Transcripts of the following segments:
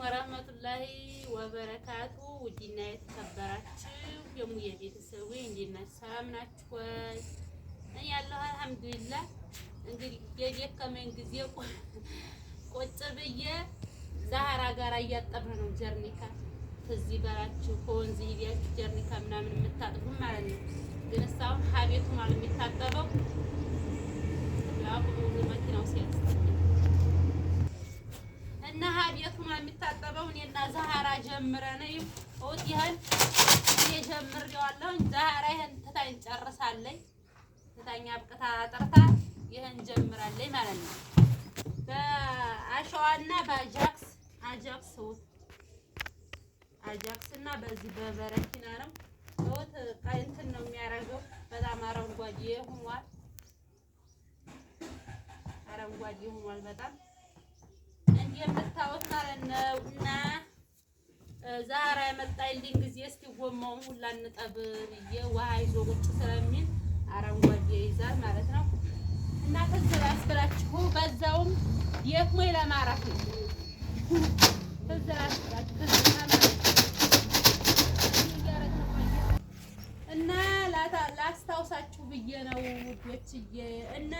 ወራህመቱላሂ ወበረካቱ ውዲና የተከበራችሁ የሙዬ ቤተሰቡ እንዴት ናችሁ? ሰላም ናችሁ ወይ? እኔ ያለሁ አልሐምዱሊላህ። እንግዲህ የደከመኝ ጊዜ ቁጭ ብዬ ዛህራ ጋር እያጠብን ነው። ጀርኒካ ከዚህ በራችሁ ከወንዝ ሂዳችሁ ጀርኒካ ምናምን የምታጥቡ ማለት ነው። ግን እስካሁን ሀቤቱ ማለት የሚታጠበው ያው መኪናው ሲያስጠ ነሀ ቤቱን የሚታጠበው እኔና ዛህራ ጀምረን ውጥ ይህን እኔ ጀምሬዋለሁ። ይህን ትታኝ ጨርሳለኝ። ትታኝ አብቅታ ጥርታ ይህን ጀምራለኝ ማለት ነው። በአሸዋና በአጃክስ አጃክስ ውጥ አጃክስና በዚህ በበረኪና ነው ውጥ እንትን ነው የሚያደርገው። በጣም አረንጓዴ ሆኗል። አረንጓዴ ሆኗል በጣም የምታዩት ማለት ነው። እና ዛሬ መጣይልኝ ጊዜ እስቲ ጎማውን ሁላ እንጠብን ብዬ ውሃ ይዞ ቁጭ ስለሚል አረንጓዴ ይዛል ማለት ነው። እና ትዝል አስብላችሁ በዛውም የትሞይ ለማረፍ ነው። እና ላስታውሳችሁ ብዬ ነው ውዶችዬ እና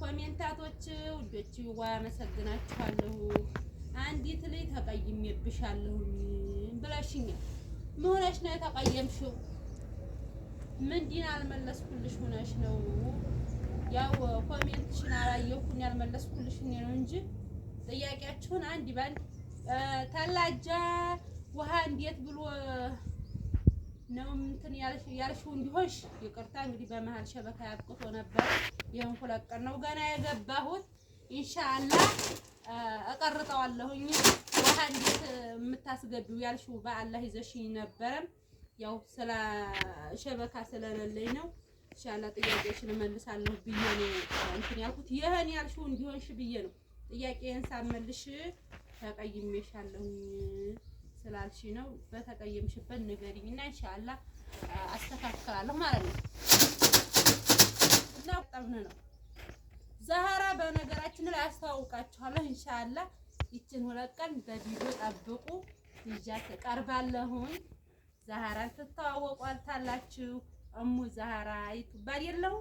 ኮሜንታቶች ውዶች አመሰግናችኋለሁ። አንዲት ላይ ተቀይሜብሻለሁ ብለሽኛል። መሆነሽ ነው የተቀየምሽው? ምንድን አልመለስኩልሽ ሆነሽ ነው? ያው ኮሜንትሽን አላየሁኝ ያልመለስኩልሽ እኔ ነው እንጂ ጥያቄያችሁን አንድ በአንድ ተላጃ ውሃ እንዴት ብሎ ነው እንትን ያልሽው እንዲሆንሽ። ይቅርታ እንግዲህ በመሀል ሸበካ ያብቅቶ ነበር። ይሄን ቀን ነው ገና የገባሁት። ኢንሻአላህ እቀርጠዋለሁኝ። ውሃ እንዴት የምታስገቢው ያልሽው በአላህ ይዘሽኝ ነበረም። ያው ስለ ሸበካ ስለሌለኝ ነው። ኢንሻአላህ ጥያቄሽን እመልሳለሁ ብዬ ነው እንትን ያልኩት። ይሄን ያልሽው እንዲሆንሽ ብዬ ነው። ጥያቄን ሳመልሽ ተቀይሜሻለሁኝ ስላልሽ ነው። በተቀየምሽበት ንገሪኝና ኢንሻአላህ አስተካክላለሁ ማለት ነው። ስላጠብን ነው። ዛህራ በነገራችን ላይ አስተዋውቃችኋለሁ። ኢንሻአላ ይችን ሁለት ቀን በቪዲዮ ጠብቁ ይዣት እቀርባለሁኝ። ዛህራን ትተዋወቋታላችሁ። እሙ ዛህራ ይትባል የለው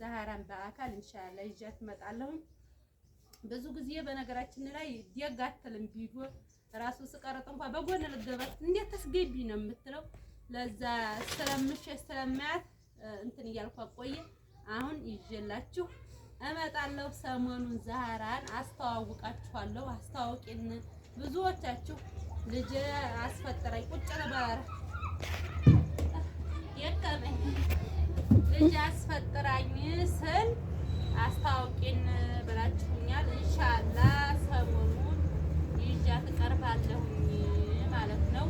ዛህራን በአካል ኢንሻአላ ይዣት እመጣለሁኝ። ብዙ ጊዜ በነገራችን ላይ ደግ አትልም። ቪዲዮ ራሱ ስቀርጥ እንኳን በጎን ልገበት እንዴት ተስገቢ ነው የምትለው። ለዛ ስለምሽ ስለማያት እንትን እያልኳት ቆየ አሁን ይዤላችሁ እመጣለሁ። ሰሞኑን ዛህራን አስተዋውቃችኋለሁ። አስተዋውቂን ብዙዎቻችሁ ልጅ አስፈጠረኝ ቁጭ ነበር የቀመኝ ልጅ አስፈጠራኝ ስል አስተዋውቂን ብላችሁኛል። ኢንሻአላህ ሰሞኑን ይዣ ትቀርባለሁኝ ማለት ነው።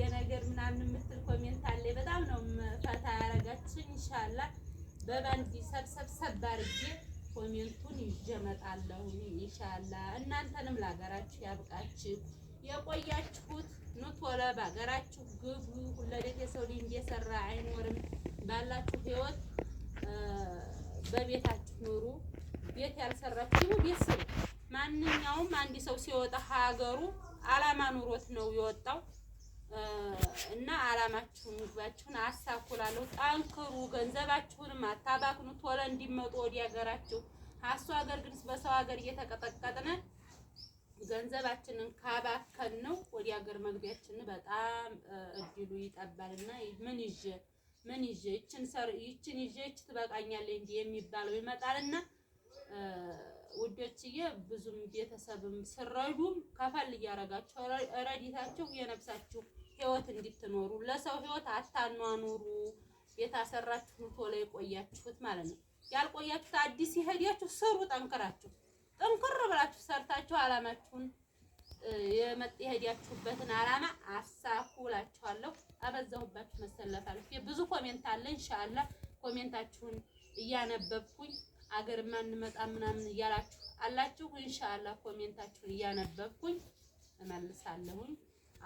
የነገር ምናምን የምትል ኮሜንት አለ። በጣም ነው ፈታ ያረጋችን። ኢንሻአላ በባንዲ ሰብሰብሰብ አድርጌ ኮሜንቱን ይዤ እመጣለሁ። ኢንሻአላ እናንተንም ለሀገራችሁ ያብቃችሁ። የቆያችሁት ኑ ቶሎ በሀገራችሁ ግቡ። ሁለቤት የሰው ልጅ እንደሰራ አይኖርም። ባላችሁ ህይወት በቤታችሁ ኑሩ። ቤት ያልሰራችሁ ቤት ስሩ። ማንኛውም አንድ ሰው ሲወጣ ሀገሩ አላማ ኑሮት ነው የወጣው። እና አላማችሁን ምግባችሁን አሳኩላለሁ። ጠንክሩ፣ ገንዘባችሁንም አታባክኑ። ቶሎ እንዲመጡ ወዲ ሀገራችሁ አሱ ሀገር ግን በሰው ሀገር እየተቀጠቀጥነ ገንዘባችንን ካባከን ነው ወዲ ሀገር መግቢያችን በጣም እድሉ ይጠባልና ምን ይዤ ምን ይዤ ይችን ሰር ይችን ይዤ ይች ትበቃኛለች እንጂ የሚባለው ይመጣልና ውዶችዬ ብዙም ቤተሰብም ስረዱም ከፈል እያረጋችሁ ረዲታችሁ የነብሳችሁ ህይወት እንድትኖሩ ለሰው ህይወት አታኗኑሩ። የታሰራችሁ ቶሎ የቆያችሁት ማለት ነው። ያልቆያችሁት አዲስ ይሄዳችሁ ስሩ፣ ጠንክራችሁ ጠንክር ብላችሁ ሰርታችሁ አላማችሁን የመጥ የሄዳችሁበትን አላማ አሳኩ እላችኋለሁ። አበዛሁባችሁ መሰለታለሁ። ብዙ ኮሜንት አለ። ኢንሻአላ ኮሜንታችሁን እያነበብኩኝ አገር ማንመጣ ምናምን እያላችሁ አላችሁ። ኢንሻአላ ኮሜንታችሁን እያነበብኩኝ እመልሳለሁኝ።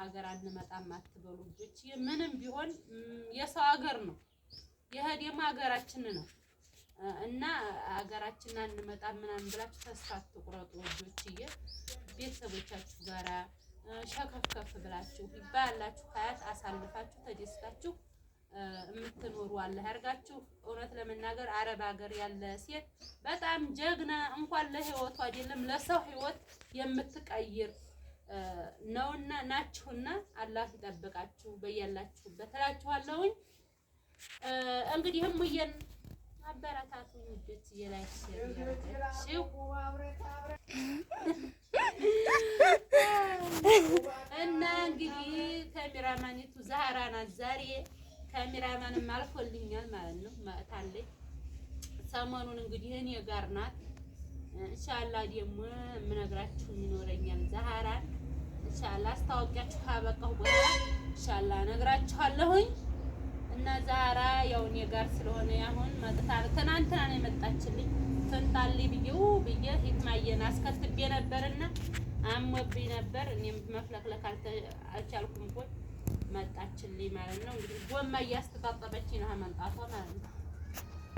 አገር አንመጣም አትበሉ ልጆች። ምንም ቢሆን የሰው አገር ነው የህዴማ ሀገራችን ነው እና ሀገራችን አንመጣም ምናምን ብላችሁ ተስፋ አትቁረጡ ልጆችዬ። ቤተሰቦቻችሁ ጋራ ሸከፍከፍ ብላችሁ ይባላችሁ ሀያት አሳልፋችሁ ተደስታችሁ የምትኖሩ አለ ያርጋችሁ። እውነት ለመናገር አረብ ሀገር ያለ ሴት በጣም ጀግና እንኳን ለህይወቱ አይደለም ለሰው ህይወት የምትቀይር ነውና ናችሁና አላህ ይጠብቃችሁ በያላችሁበት እላችኋለሁኝ። እንግዲህ እሙዬን አበረታቱ ውዶች እየላይሽ እና እንግዲህ ካሜራማኒቱ ዛህራና ዛሬ ካሜራማንም አልፎልኛል ማለት ነው። መእታለች ሰሞኑን እንግዲህ እኔ ጋር ናት እንሻላ ደግሞ የምነግራችሁ ይኖረኛል። ዛህራን እንሻላ አስታወቂያችሁ ካበቃሁ በኋላ እንሻላ እነግራችኋለሁኝ። እና ዛህራ ያው እኔ ጋር ስለሆነ ያሁን መጥታ ትናንትና ነው የመጣችልኝ። ትንጣሊ ብዬው ብዬ ሂትማየን አስከትቤ ነበርና አሞብኝ ነበር። እኔም መፍለክለክ አልቻልኩም። ቆይ መጣችልኝ ማለት ነው። እንግዲህ ጎማ እያስተጣጠበችኝ ነው መምጣቷ ማለት ነው።